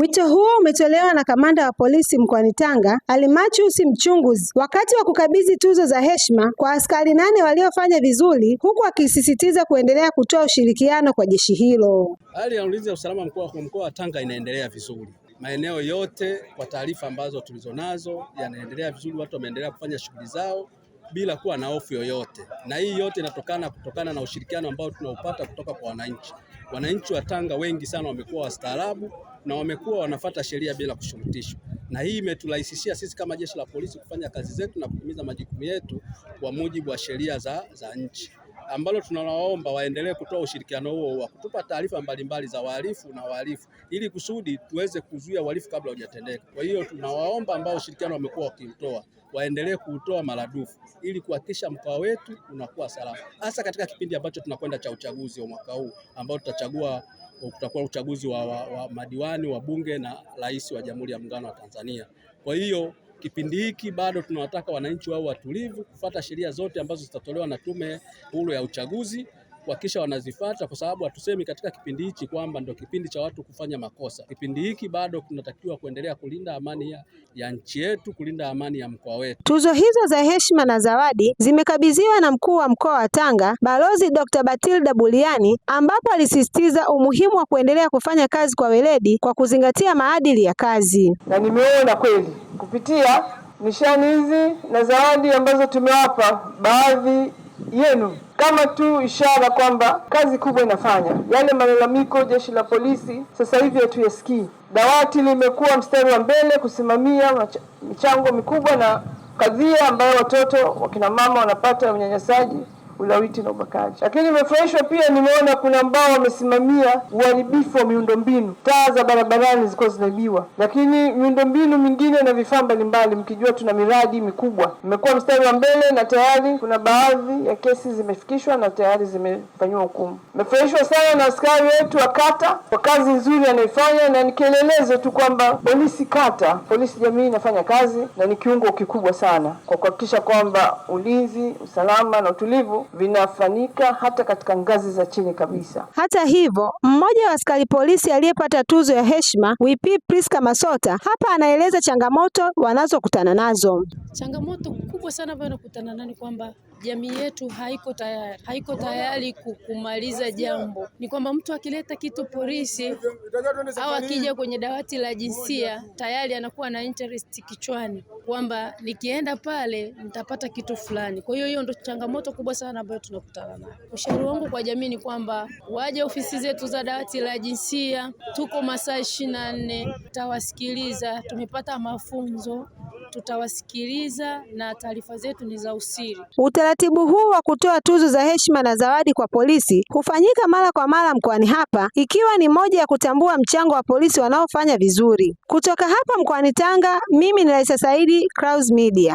Wito huo umetolewa na kamanda wa polisi mkoani Tanga, Almachius Mchunguzi, wakati wa kukabidhi tuzo za heshima kwa askari nane waliofanya vizuri, huku akisisitiza kuendelea kutoa ushirikiano kwa jeshi hilo. Hali ya ulinzi usalama mkoa mkoa wa Tanga inaendelea vizuri maeneo yote, kwa taarifa ambazo tulizonazo, yanaendelea vizuri, watu wameendelea kufanya shughuli zao bila kuwa na hofu yoyote, na hii yote inatokana kutokana na ushirikiano ambao tunaupata kutoka kwa wananchi. Wananchi wa Tanga wengi sana wamekuwa wastaarabu na wamekuwa wanafata sheria bila kushurutishwa, na hii imeturahisishia sisi kama jeshi la polisi kufanya kazi zetu na kutimiza majukumu yetu kwa mujibu wa sheria za, za nchi ambalo tunawaomba waendelee kutoa ushirikiano huo wa kutupa taarifa mbalimbali za wahalifu na wahalifu ili kusudi tuweze kuzuia uhalifu kabla hujatendeka. Kwa hiyo tunawaomba ambao ushirikiano wamekuwa wakiutoa waendelee kuutoa maradufu ili kuhakikisha mkoa wetu unakuwa salama, hasa katika kipindi ambacho tunakwenda cha uchaguzi wa mwaka huu ambao tutachagua kutakuwa uchaguzi wa, wa, wa madiwani wa bunge na rais wa Jamhuri ya Muungano wa Tanzania. Kwa hiyo Kipindi hiki bado tunawataka wananchi wao watulivu, kufuata sheria zote ambazo zitatolewa na Tume Huru ya Uchaguzi kuhakikisha wanazifata kwa sababu hatusemi katika kipindi hichi kwamba ndio kipindi cha watu kufanya makosa. Kipindi hiki bado tunatakiwa kuendelea kulinda amani ya, ya nchi yetu, kulinda amani ya mkoa wetu. Tuzo hizo za heshima na zawadi zimekabidhiwa na mkuu wa mkoa wa Tanga Balozi Dr. Batilda Buliani, ambapo alisisitiza umuhimu wa kuendelea kufanya kazi kwa weledi kwa kuzingatia maadili ya kazi. Na nimeona kweli kupitia nishani hizi na zawadi ambazo tumewapa baadhi yenu kama tu ishara kwamba kazi kubwa inafanya. Yale malalamiko jeshi la polisi sasa hivi hatuyasikii. Dawati limekuwa mstari wa mbele kusimamia michango mikubwa na kadhia ambayo watoto wakina mama wanapata unyanyasaji ulawiti na ubakaji. Lakini nimefurahishwa pia, nimeona kuna ambao wamesimamia uharibifu wa miundombinu, taa za barabarani zilikuwa zinaibiwa, lakini miundombinu mingine na vifaa mbalimbali, mkijua tuna miradi mikubwa, mmekuwa mstari wa mbele na tayari kuna baadhi ya kesi zimefikishwa na tayari zimefanyiwa hukumu. Nimefurahishwa sana na askari wetu wa kata kwa kazi nzuri anaifanya, na nikielelezo tu kwamba polisi kata, polisi jamii inafanya kazi na ni kiungo kikubwa sana kwa kuhakikisha kwamba ulinzi, usalama na utulivu vinafanyika hata katika ngazi za chini kabisa. Hata hivyo, mmoja wa askari polisi aliyepata tuzo ya heshima, WP Priska Masota, hapa anaeleza changamoto wanazokutana nazo. Changamoto kubwa sana ambayo nakutana nayo ni kwamba jamii yetu haiko tayari, haiko tayari kumaliza jambo. Ni kwamba mtu akileta kitu polisi au akija kwenye dawati la jinsia tayari anakuwa na interest kichwani kwamba nikienda pale nitapata kitu fulani. Kwa hiyo hiyo ndo changamoto kubwa sana ambayo tunakutana nayo. Ushauri wangu kwa jamii ni kwamba waje ofisi zetu za dawati la jinsia, tuko masaa ishirini na nne, tawasikiliza. Tumepata mafunzo tutawasikiliza na taarifa zetu ni za usiri. Utaratibu huu wa kutoa tuzo za heshima na zawadi kwa polisi hufanyika mara kwa mara mkoani hapa, ikiwa ni moja ya kutambua mchango wa polisi wanaofanya vizuri. Kutoka hapa mkoani Tanga, mimi ni raisa Saidi, Clouds Media.